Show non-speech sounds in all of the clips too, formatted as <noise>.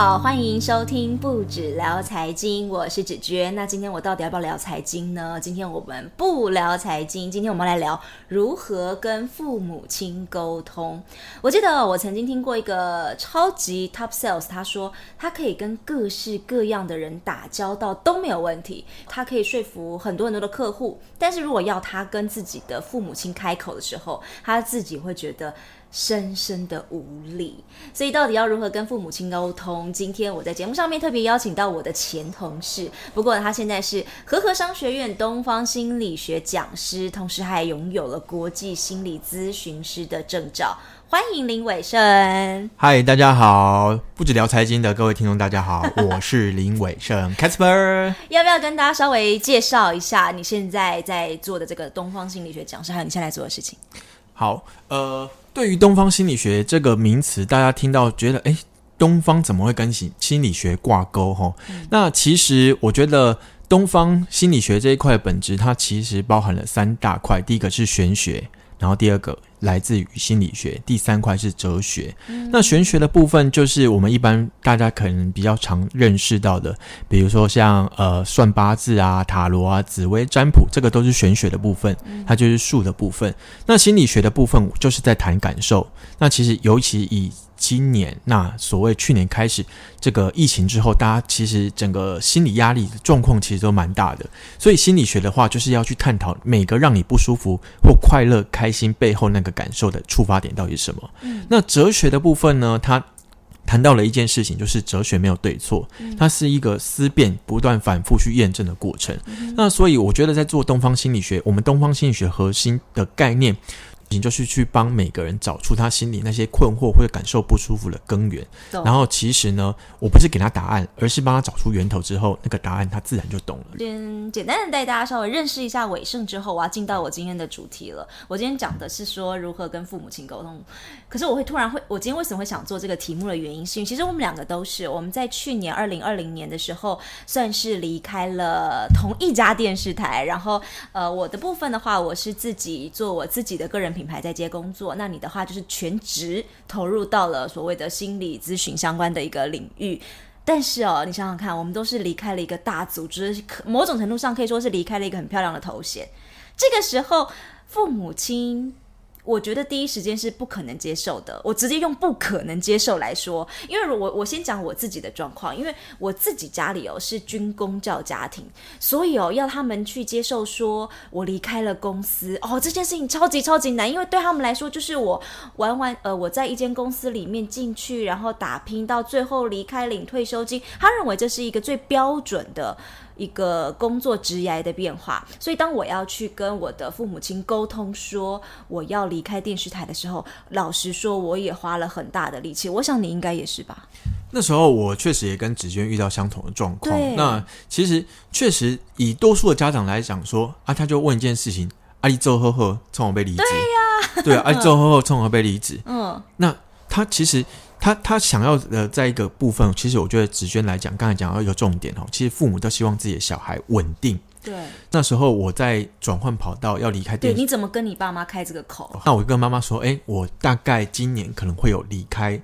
好，歡迎收聽不只聊財經，我是芷娟。那今天我到底要不要聊財經呢？今天我們不聊財經，今天我們來聊如何跟父母親溝通。我記得我曾經聽過一個超級 top sales，他說他可以跟各式各樣的人打交道都沒有問題，他可以說服很多很多的客戶。但是如果要他跟自己的父母親開口的時候，他自己會覺得，深深的無力，所以到底要如何跟父母親溝通？今天我在節目上面特別邀請到我的前同事，不過他現在是禾禾商學院東方心理學講師，同時還擁有了國際心理諮詢師的證照。歡迎林偉盛！Hi，大家好，不止聊財經的各位聽眾，大家好， <laughs> 我是林偉盛。Casper，要不要跟大家稍微介紹一下你現在在做的這個東方心理學講師，還有你現在做的事情？好，呃。對於東方心理學這個名詞，大家聽到覺得，哎，東方怎麼會跟心心理學掛鈎？齁，嗯、那其實我覺得，東方心理學這一塊的本質，它其實包含了三大塊。第一個是玄學。然後第二個來自於心理學，第三塊是哲學。嗯、那玄學的部分就是我們一般大家可能比較常認識到的，比如說像呃算八字啊、塔羅啊、紫微占卜，這個都是玄學的部分，它就是術的部分。嗯、那心理學的部分就是在談感受。那其實尤其以。今年那所謂去年開始這個疫情之後，大家其實整個心理壓力的狀況其實都蠻大的。所以心理學的話，就是要去探討每個讓你不舒服或快樂開心背後那個感受的觸發點到底是什麼。嗯，那哲學的部分呢，他談到了一件事情，就是哲學沒有對錯，嗯，它是一個思辨、不斷反覆去驗證的過程。嗯，那所以我覺得，在做東方心理學，我們東方心理學核心的概念。你就是去幫每個人找出他心裡那些困惑或者感受不舒服的根源，So. 然後其實呢，我不是給他答案，而是幫他找出源頭之後，那個答案他自然就懂了。先簡單的帶大家稍微認識一下偉盛，之後我要進到我今天的主題了。我今天講的是說如何跟父母親溝通，可是我會突然會，我今天為什麼會想做這個題目的原因，是因為其實我們兩個都是我們在去年二零二零年的時候，算是離開了同一家電視台，然後呃我的部分的話，我是自己做我自己的個人品牌在接工作，那你的話就是全職投入到了所謂的心理諮詢相關的一個領域。但是哦，你想想看，我們都是離開了一個大組織，某種程度上可以說是離開了一個很漂亮的頭銜。這個時候，父母親。我覺得第一時間是不可能接受的，我直接用不可能接受來說，因為我我先講我自己的狀況，因為我自己家裡哦是軍公教家庭，所以哦要他們去接受說我離開了公司哦這件事情超級超級難，因為對他們來說就是我玩完，呃我在一間公司裡面進去，然後打拼到最後離開領退休金，他認為這是一個最標準的。一個工作職涯的變化，所以當我要去跟我的父母親溝通說我要離開電視台的時候，老實說我也花了很大的力氣，我想你應該也是吧？那時候我確實也跟芷娟遇到相同的狀況。對那其實確實以多數的家長來講說，啊，他就問一件事情：啊你做好好，趁我被離職，對啊，啊你做好好，趁、啊、我被離職，嗯，那他其實。他他想要呃，在一個部分，其實我覺得芷娟來講，剛才講到一個重點哦，其實父母都希望自己的小孩穩定。對，那時候我在轉換跑道，要離開電視。對，你怎麼跟你爸媽開這個口？那我就跟媽媽說，哎、欸，我大概今年可能會有離開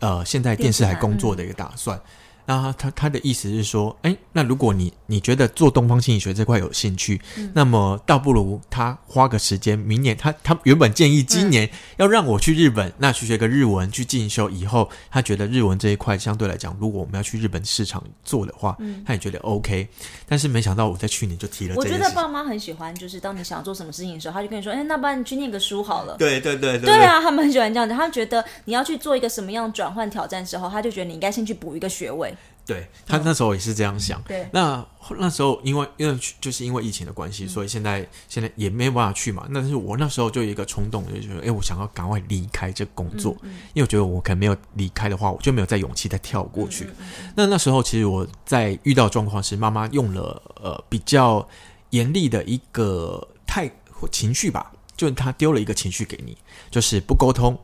呃，現在電視台工作的一個打算。那他他的意思是說，哎、欸，那如果你你覺得做東方心理學這塊有興趣，嗯、那麼倒不如他花個時間，明年他他原本建議今年要讓我去日本，嗯、那去學個日文去進修以後，他覺得日文這一塊相對來講，如果我們要去日本市場做的話，嗯、他也覺得 OK。但是沒想到我在去年就提了這。我覺得爸媽很喜歡，就是當你想做什麼事情的時候，他就跟你說，哎、欸，那不然你去念個書好了。對對對，對對對對，對啊，他們很喜歡這樣子的，他覺得你要去做一個什麼樣轉換挑戰的時候，他就覺得你應該先去補一個學位。對他那時候也是這樣想。嗯、對，那那時候因為因為就是因為疫情的關係，所以現在現在也沒辦法去嘛。嗯、那是我那時候就有一個衝動，就覺、是、得誒，我想要趕快離開這個工作，嗯嗯、因為我覺得我可能沒有離開的話，我就沒有再勇氣再跳過去。嗯、那那時候其實我在遇到狀況是，媽媽用了呃比較嚴厲的一個態情緒吧，就是她丟了一個情緒給你，就是不溝通。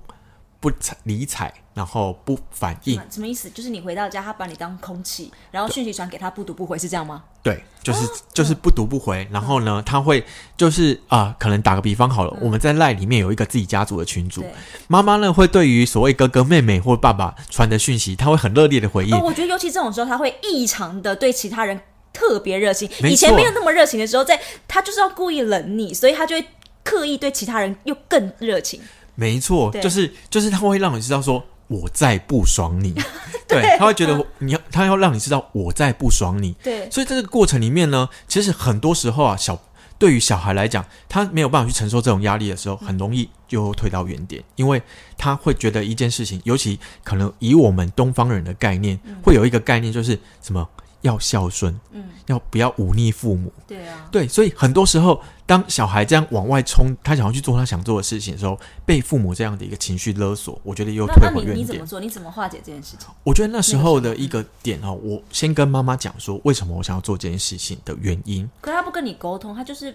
不理睬，然後不反應、嗯，什麼意思？就是你回到家，他把你當空氣，然後訊息傳給他，不讀不回，是這樣嗎？對，就是、哦、就是不讀不回。嗯、然後呢，他會就是啊、呃，可能打個比方好了，嗯、我們在賴裡面有一個自己家族的群組，嗯、媽媽呢會對於所謂哥哥妹妹或爸爸傳的訊息，他會很熱烈的回應、哦。我覺得尤其這種時候，他會異常的對其他人特別熱情，沒錯。以前沒有那麼熱情的時候，在他就是要故意冷你，所以他就會刻意對其他人又更熱情。沒錯，對就是就是他會讓你知道說我在不爽你， <laughs> 對，對，他會覺得你要他要讓你知道我在不爽你，對，所以這個過程裡面呢，其實很多時候啊，小對於小孩來講，他沒有辦法去承受這種壓力的時候，很容易就退到原點，嗯、因為他會覺得一件事情，尤其可能以我們東方人的概念，嗯、會有一個概念就是什麼要孝順，嗯，要不要忤逆父母，對啊，對，所以很多時候。當小孩這樣往外衝，他想要去做他想做的事情的時候，被父母這樣的一個情緒勒索，我覺得又特別，那你你怎麼做？你怎麼化解這件事情？我覺得那時候的一個點哈，嗯、我先跟媽媽講說，為什麼我想要做這件事情的原因。可他不跟你溝通，他就是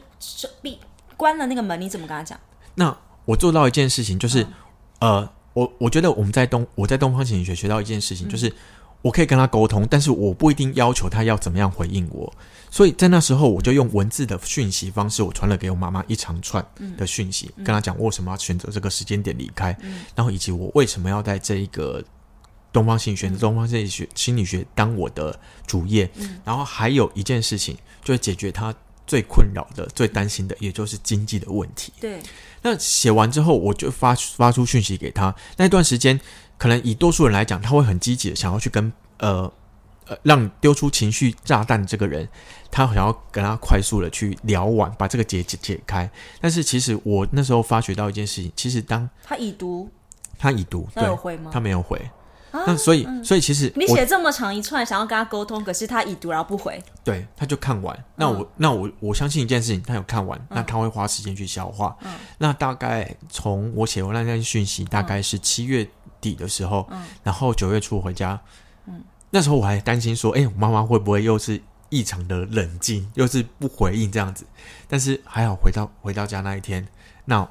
閉關了那個門，你怎麼跟他講？那我做到一件事情就是，嗯、呃，我我覺得我們在東我在東方心理學學到一件事情就是。嗯嗯我可以跟他溝通，但是我不一定要求他要怎麼樣回應我。所以在那時候，我就用文字的訊息方式，我傳了給我媽媽一長串的訊息，嗯嗯、跟他講我為什麼要選擇這個時間點離開，嗯、然後以及我為什麼要在這一個東方心理學，東方心理學，嗯、心理學心理學當我的主業。嗯、然後還有一件事情，就是解決他最困擾的，最擔心的，嗯、也就是經濟的問題。對，那寫完之後，我就發發出訊息給他。那段時間。可能以多數人來講，他會很積極的想要去跟呃呃讓丟出情緒炸彈的這個人，他想要跟他快速的去聊完，把這個結解解,解開。但是其實我那時候發覺到一件事情，其實當他已讀，他已讀，他有回嗎？他沒有回。啊、那所以所以其實、嗯、你寫這麼長一串，想要跟他溝通，可是他已讀然後不回，對，他就看完。嗯、那我那我我相信一件事情，他有看完，嗯、那他會花時間去消化。嗯，那大概從我寫完那件訊息，大概是七月。底的時候，嗯，然後九月初回家，嗯，那時候我還擔心說，哎、欸，我媽媽會不會又是異常的冷靜，又是不回應這樣子？但是還好，回到回到家那一天，那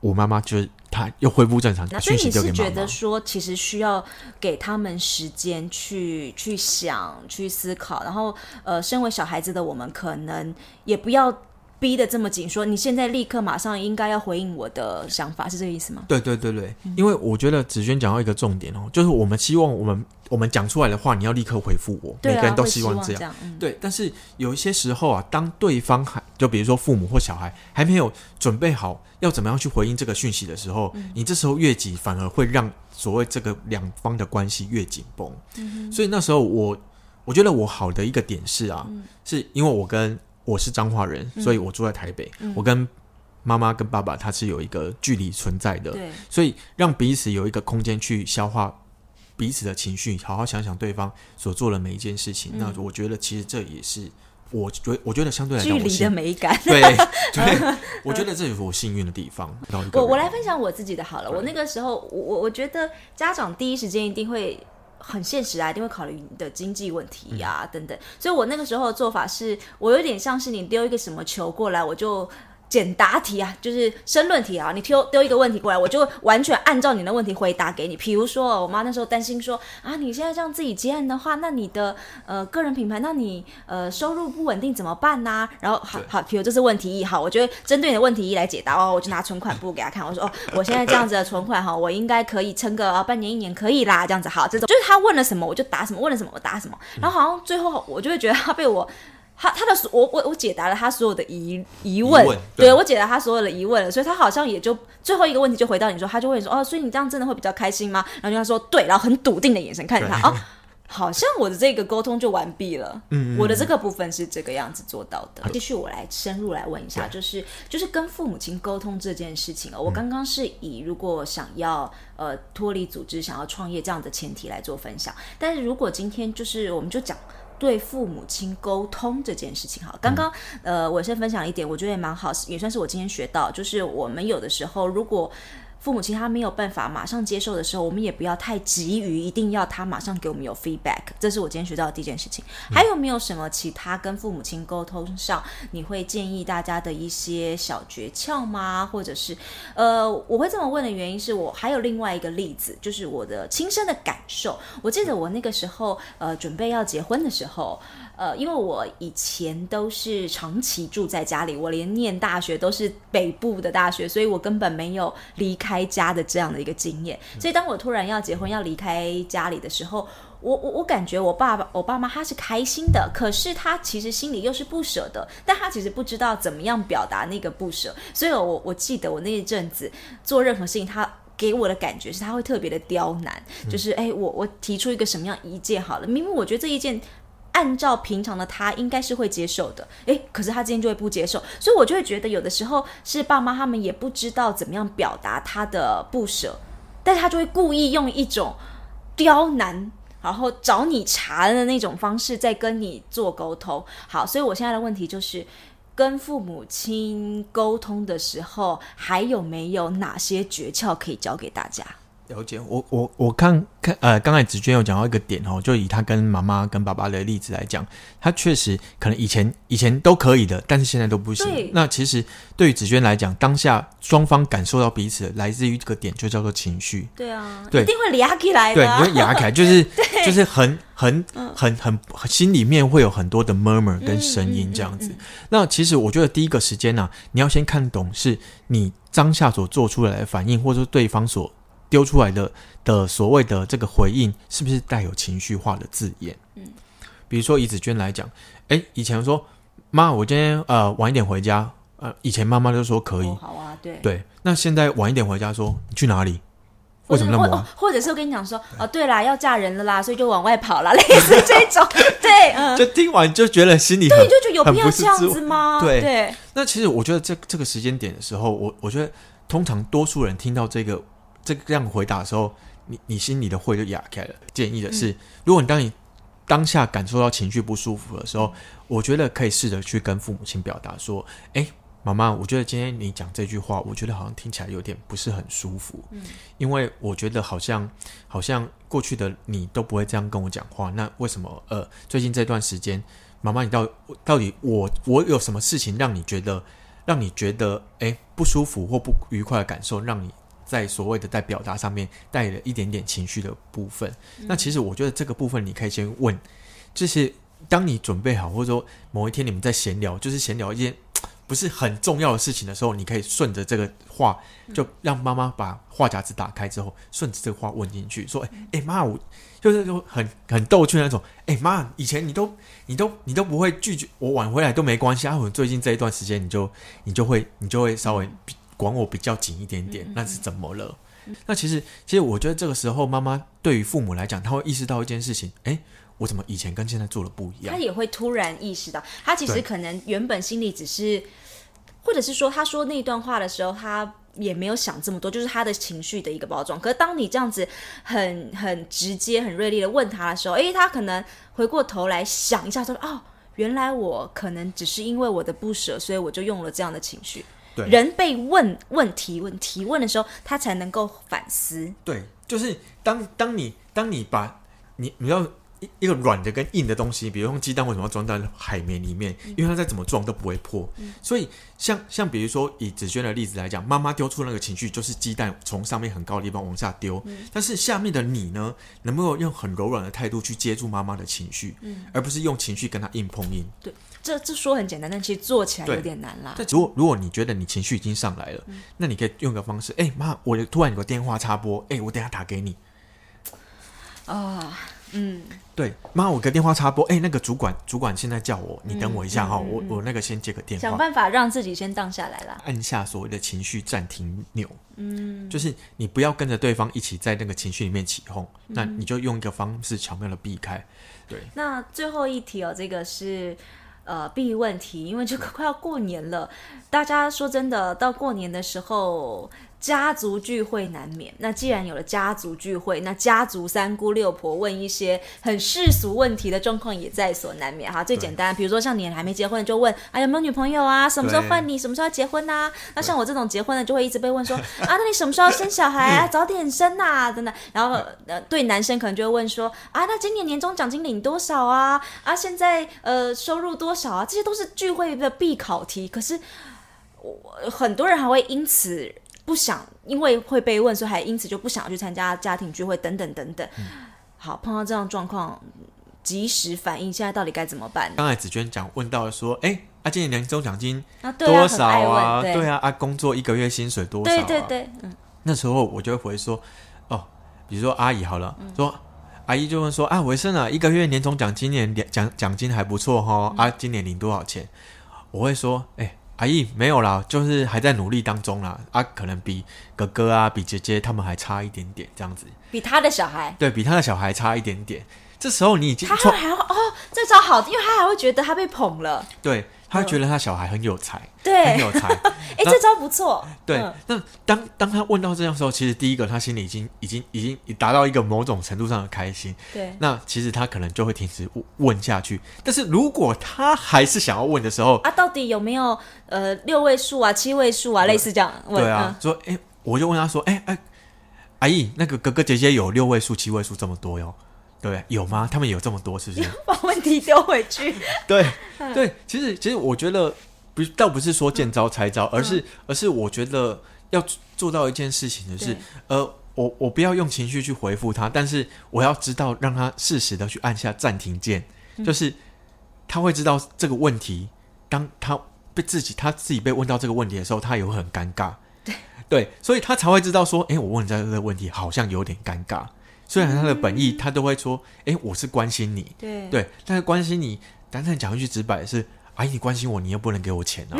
我媽媽就是她又恢復正常，訊息就給媽媽。所以你是覺得說，其實需要給他們時間去去想、去思考，然後呃，身為小孩子的我們，可能也不要。逼得這麼緊，你說你現在立刻馬上應該要回應我的想法，是這個意思嗎？對對對對，嗯、因為我覺得芷娟講到一個重點哦，就是我們希望我們我們講出來的話，你要立刻回復我。啊、每個人都希望這樣，這樣嗯、對。但是有一些時候啊，當對方還就比如說父母或小孩還沒有準備好要怎麼樣去回應這個訊息的時候，嗯、你這時候越急，反而會讓所謂這個兩方的關係越緊繃。嗯、哼所以那時候我我覺得我好的一個點是啊，嗯、是因為我跟。我是彰化人，嗯、所以我住在台北。嗯、我跟媽媽跟爸爸他是有一個距離存在的，對所以讓彼此有一個空間去消化彼此的情緒，好好想想對方所做的每一件事情。嗯、那我覺得其實這也是我覺我覺得相對來講，距離的美感，對，我覺得這也是我幸運的地方。我 <laughs> 我來分享我自己的好了。我那個時候，我我覺得家長第一時間一定會。很現實啊，一定會考慮你的經濟問題呀，等等。所以我那個時候的做法是，我有點像是你丟一個什麼球過來，我就。簡答題啊，就是申論題啊，你丟丟一個問題過來，我就完全按照你的問題回答給你。比如說，我媽那時候擔心說啊，你現在這樣自己接案的話，那你的呃個人品牌，那你呃收入不穩定怎麼辦吶、啊？然後好好，比如這是問題一，好，我就會針對你的問題一來解答哦，我就拿存款簿給他看，我說哦，我現在這樣子的存款哈、哦，我應該可以撐個、哦、半年一年可以啦，這樣子好，這種就是他問了什麼我就答什麼，問了什麼我答什麼，然後好像最後我就會覺得他被我。他他的我我我解答了他所有的疑問疑問，對，對我解答他所有的疑問了，所以他好像也就最後一個問題就回到你說，他就問說哦，所以你這樣真的會比較開心嗎？然後就他說對，然後很篤定的眼神看著他，對哦，好像我的這個溝通就完畢了，嗯， <laughs> 我的這個部分是這個樣子做到的。繼、嗯、續我來深入來問一下，Okay. 就是就是跟父母親溝通這件事情哦，嗯、我剛剛是以如果想要呃脫離組織想要創業這樣的前提來做分享，但是如果今天就是我們就講。對父母親溝通這件事情，好，剛剛，呃，我先分享一點，我覺得也蠻好，也算是我今天學到，就是我們有的時候，如果。父母親他沒有辦法馬上接受的時候，我們也不要太急於一定要他馬上給我們有 feedback。這是我今天學到的第一件事情。嗯。還有沒有什麼其他跟父母親溝通上，你會建議大家的一些小訣竅嗎？或者是，呃，我會這麼問的原因是我還有另外一個例子，就是我的親身的感受。我記得我那個時候，嗯。呃，準備要結婚的時候。呃，因為我以前都是長期住在家裡，我連念大學都是北部的大學，所以我根本沒有離開家的這樣的一個經驗。所以當我突然要結婚，要離開家裡的時候，我我我感覺我爸爸、我爸媽他是開心的，可是他其實心裡又是不捨的，但他其實不知道怎麼樣表達那個不捨。所以我我記得我那一陣子做任何事情，他給我的感覺是他會特別的刁難，嗯、就是哎、欸，我我提出一個什麼樣一件好了，明明我覺得這一件。按照平常的他應該是會接受的，誒，可是他今天就會不接受，所以我就會覺得，有的時候是爸媽他們也不知道怎麼樣表達他的不捨，但是他就會故意用一種刁難，然後找你茬，的那種方式在跟你做溝通。好，所以我現在的問題就是，跟父母親溝通的時候還有沒有哪些訣竅可以教給大家？了解，我我我看看，呃，剛才芷娟有講到一個點哦，就以她跟媽媽跟爸爸的例子來講，她確實可能以前以前都可以的，但是現在都不行。對那其實對於芷娟來講，當下雙方感受到彼此來自於這個點，就叫做情緒。對啊，對一定會拉起來的，啊。對，會拉起來，就是 <laughs> 對就是很很很很，很心裡面會有很多的 murmur 跟聲音這樣子。嗯嗯嗯嗯，那其實我覺得第一個時間呢，啊，你要先看懂是你當下所做出來的反應，或者說對方所，丟出來的的所謂的這個回應，是不是帶有情緒化的字眼？嗯，比如說以芷娟來講，哎，以前說媽，我今天呃晚一點回家，呃，以前媽媽就說可以、哦，好啊，對對。那現在晚一點回家說，說你去哪裡？者為什麼那麼、啊、或、者或者是我跟你講說，對哦，對啦，要嫁人了啦，所以就往外跑啦。類似這種。 <laughs> 對，嗯、就聽完就覺得心裡，對，就覺得有必要這樣，這樣子嗎？對對。對，那其實我覺得這這個時間點的時候，我我覺得通常多數人聽到這個。這個樣回答的時候，你你心裡的會就啞開了。建議的是，如果你當你當下感受到情緒不舒服的時候，嗯、我覺得可以試着去跟父母親表達說：“哎，媽媽，我覺得今天你講這句話，我覺得好像聽起來有點不是很舒服。嗯、因為我覺得好像好像過去的你都不會這樣跟我講話，那為什麼？呃，最近這段時間，媽媽，你到底到底我我有什麼事情讓你覺得讓你覺得哎不舒服或不愉快的感受，讓你？”在所謂的在表達上面帶了一點點情緒的部分，嗯、那其實我覺得這個部分你可以先問，就是當你準備好，或者說某一天你們在閒聊，就是閒聊一件不是很重要的事情的時候，你可以順着這個話，就讓媽媽把話匣子打開之後，順着這個話問進去，說：“哎、欸、哎，媽、欸，我就是就很很逗趣的那種，哎、欸、媽，以前你都你都你都不會拒絕我晚回來都沒關係，啊我最近這一段時間，你就你就會你就會稍微。嗯”管我比較緊一點點，那是怎麼了？嗯、哼那其實，其實我覺得這個時候，媽媽對於父母來講，他會意識到一件事情，哎、欸，我怎麼以前跟現在做的不一樣？他也會突然意識到，他其實可能原本心裡只是，對或者是說，他說那段話的時候，他也沒有想這麼多，就是他的情緒的一個包裝。可是當你這樣子很很直接、很銳利的問他的時候，哎、欸，他可能回過頭來想一下，說：哦，原來我可能只是因為我的不捨，所以我就用了這樣的情緒。對人被問問題、問提問，提問的時候，他才能夠反思。對，就是當當你當你把你你要。一個軟的跟硬的東西，比如用雞蛋為什麼要裝在海綿裡面？嗯、因為它再怎麼撞都不會破。嗯、所以像像比如說以芷娟的例子來講，媽媽丟出那個情緒就是雞蛋從上面很高的地方往下丟，嗯、但是下面的你呢，能不能夠用很柔軟的態度去接住媽媽的情緒，嗯、而不是用情緒跟她硬碰硬。對，這這說很簡單，但其實做起來有點難啦。那如果如果你覺得你情緒已經上來了，嗯、那你可以用一個方式，哎、欸、媽，我突然有個電話插播，哎、欸，我等下打給你啊。哦嗯，對，媽，我個電話插播，哎，那個主管，主管現在叫我，你等我一下哈、哦，嗯嗯、我我那個先接個電話，想辦法讓自己先降下來啦，按下所謂的情緒暫停鈕，嗯，就是你不要跟着對方一起在那個情緒裡面起鬨，嗯、那你就用一個方式巧妙地避開，對。那最後一題哦，這個是呃避問題，因為就快要過年了，大家說真的，到過年的時候。家族聚會難免，那既然有了家族聚會，那家族三姑六婆問一些很世俗問題的狀況也在所難免哈、啊。最簡單，比如說像你還沒結婚，就問哎對、啊、有沒有女朋友啊？什麼時候換你？對什麼時候結婚吶？啊？那像我這種結婚的就會一直被問說對啊，那你什麼時候要生小孩 <laughs> 啊？早點生吶、啊，等等。然後、呃、對男生可能就會問說啊，那今年年終獎金領多少啊？啊，現在呃收入多少啊？這些都是聚會的必考題。可是我很多人還會因此。不想，因為會被問，所以還因此就不想去參加家庭聚會等等等等。嗯、好，碰到這樣狀況，即時反應現在到底該怎麼辦？剛才芷娟講問到說，哎、欸，阿、啊、姐，你年終獎金多少啊？啊對啊，阿、啊啊、工作一個月薪水多少、啊？對對對。嗯、那時候我就回說，哦，比如說阿姨好了，嗯、說阿姨就問說，啊，偉盛啊，一個月年終獎金年獎獎金還不錯哈，阿、嗯啊、今年領多少錢？我會說，哎、欸。阿義、哎、沒有啦，就是還在努力當中啦啊，可能比哥哥啊、比姐姐他們還差一點點，這樣子。比他的小孩？對，比他的小孩差一點點。這時候你已經他還會哦，這招好的，因為他還會覺得他被捧了。對。他會覺得他小孩很有才，對，很有才，哎、 <laughs> 欸，那這招不錯。對，嗯、那當當他問到這樣的時候，其實第一個他心裡已經已經已經已達到一個某種程度上的開心。對，那其實他可能就會停止問下去。但是如果他還是想要問的時候啊，到底有沒有呃六位數啊、七位數啊，呃、類似這樣，問對啊，說哎、嗯，我就問他說，哎哎，阿姨，那個哥哥姐姐有六位數、七位數這麼多喲、哦。對，有嗎？他們有這麼多，是不是？把問題丟回去。 <laughs> 對對，其實其實我覺得不，倒不是說見招拆招，嗯、而是、嗯、而是我覺得要做到一件事情，就是對呃，我我不要用情緒去回復他，但是我要知道讓他適時的去按下暫停鍵，嗯、就是他會知道這個問題，當他被自己他自己被問到這個問題的時候，他也會很尷尬。對對，所以他才會知道說，哎、欸，我問人家這個問題，好像有點尷尬。雖然他的本意，嗯、他都會說：“哎、欸，我是關心你。對”對對，但是關心你，單單講一句直白的是：“阿姨，你關心我，你又不能給我錢啊！”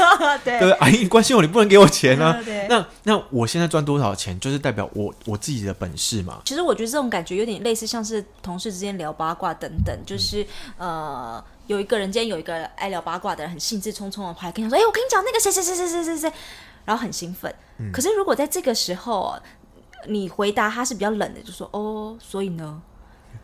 <laughs> 對對，阿姨，你關心我，你不能給我錢呢、啊？嗯嗯、對那那我現在賺多少錢，就是代表我我自己的本事嘛。其實我覺得這種感覺有點類似，像是同事之間聊八卦等等，就是、嗯、呃，有一個人今天有一個愛聊八卦的人，很興致沖冲的，話跟你說：“哎、欸，我跟你講，那個誰誰誰誰誰誰誰，然後很興奮。嗯”可是如果在這個時候、哦，你回答他是比較冷的，就說哦，所以呢，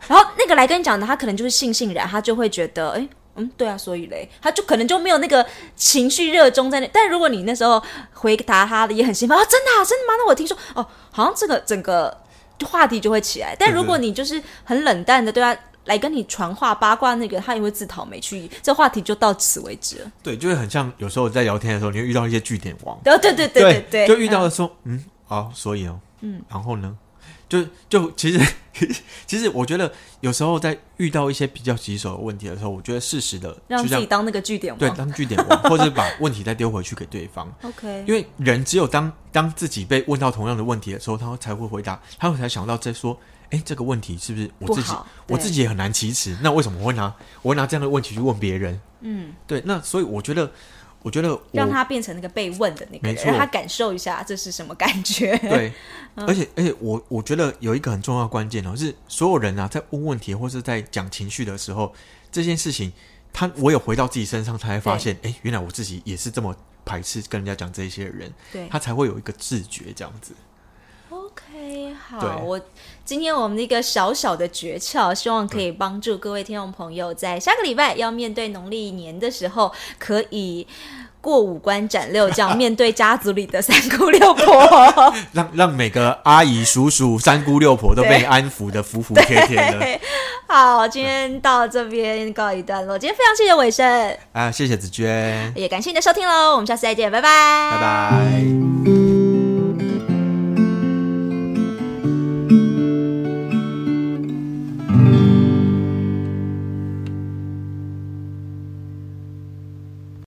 然後那個來跟你講的他可能就是悻悻然，他就會覺得哎、欸，嗯，對啊，所以嘞，他就可能就沒有那個情緒熱衷在那。但如果你那時候回答他的也很興奮啊、哦，真的、啊，真的嗎？那我聽說哦，好像這個整個話題就會起來。但如果你就是很冷淡的對他、啊、來跟你傳話八卦那個，他也會自討沒趣，這個、話題就到此為止了。對，就會很像有時候在聊天的時候，你會遇到一些句點王。對對對對對，對就遇到的時候嗯，嗯，好，所以哦。嗯，然後呢，就就其實其實，我覺得有時候在遇到一些比較棘手的問題的時候，我覺得適時的就讓自己當那個句點王，對，當句點王， <laughs> 或者把問題再丟回去給對方。OK，因為人只有當當自己被問到同樣的問題的時候，他才會回答，他才想到在說：“哎、欸，這個問題是不是我自己？我自己也很難啟齒，那為什麼我會拿我會拿這樣的問題去問別人？”嗯，對。那所以我覺得。我覺得我讓他變成那個被問的那個人，沒錯，讓他感受一下這是什麼感覺。對、嗯，而，而且而且我我覺得有一個很重要的關鍵哦、喔，是所有人啊在問問題或是在講情緒的時候，這件事情他唯有回到自己身上，才會發現，哎對、欸，原來我自己也是這麼排斥跟人家講這些人，對他才會有一個自覺這樣子。OK，好，對我今天我們的一個小小的訣竅，希望可以幫助各位聽眾朋友，在下個禮拜要面對農曆年的時候，可以過五關斬六將，面對家族裡的三姑六婆， <laughs> 讓讓每個阿姨、叔叔、三姑六婆都被安撫的服服帖帖的。好，今天到這邊告一段落，今天非常謝謝偉盛啊，謝謝芷娟，也感謝你的收聽嘍，我們下次再見，拜拜，拜拜。